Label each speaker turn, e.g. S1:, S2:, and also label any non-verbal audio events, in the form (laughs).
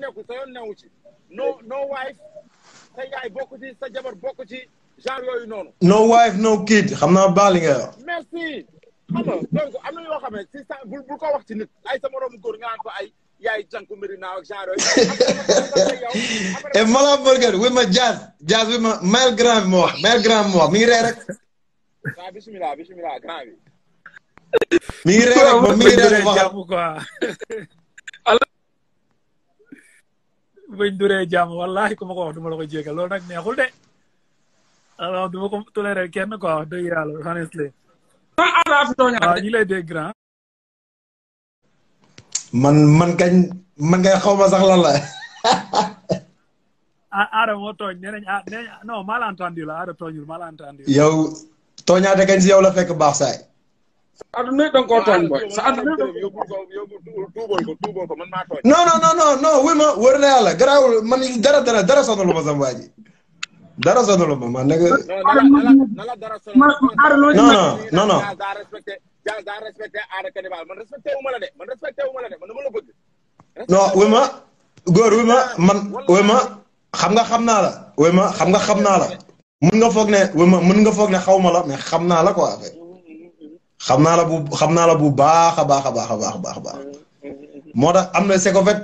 S1: nekku sa yoon newu ci no no wife sa yaay bokk ci sa jabar bokk ci genre yooyu noonu
S2: no wife no kid xam naa baax li nga wax
S1: merci xam nga donc am na yoo xam ne si sa bul bul ko wax ci nit ay sa moroomu góor nga naan ko ay yaay jànku mbiri naaw ak genre yooyu
S2: et mala burger wi ma jazz jazz wi ma mail grand bi moo wax mail grand bi moo wax mi ngi ree rek
S1: waaw bismillah bismillah grand bi mi ngi ree rek mi ngi ree rek
S3: bañ duree jàmm wallaahi ku ma ko du ma la ko jégal loolu nag neexul de alors du ma ko toléré kenn quoi wax ah, ah, ah, ñu lay dégg grand.
S2: man man kañ man kay xaw ma sax lan la. (laughs)
S3: ah Aada moo tooñ nee nañ ah nee a malentendu la Aada tooñul malentendu.
S2: yow tooñaate kañ si yow baax saay
S3: sa àdduna yëpp
S1: da nga koo tooñ booy sa non non non non non wuy
S2: ma man dara dara dara sonalu ma sama waa ji dara sonalu ma man nag
S3: non
S2: non non jaa daa respecté de man respecté wu ma non wuy ma góor man wuy xam nga xam naa la. xam nga xam naa la. mën nga foog ne wuy ma mën nga foog ne xaw ma la mais xam naa la quoi. xam naa la bu xam naa la bu baax a baax a baax a baax a baax mm-hmm. moo tax am na c'est en